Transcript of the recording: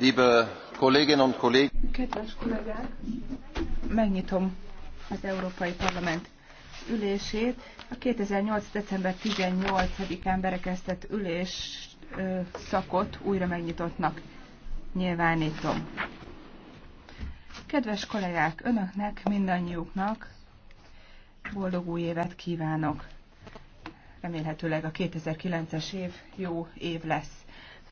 Liebe Kolleginnen und Kollegen! Kedves Megnyitom az Európai Parlament ülését. A 2008. december 18-án berekeztett ülés szakot újra megnyitottnak nyilvánítom. Kedves kollégák, önöknek, mindannyiuknak boldog új évet kívánok! Remélhetőleg a 2009-es év jó év lesz.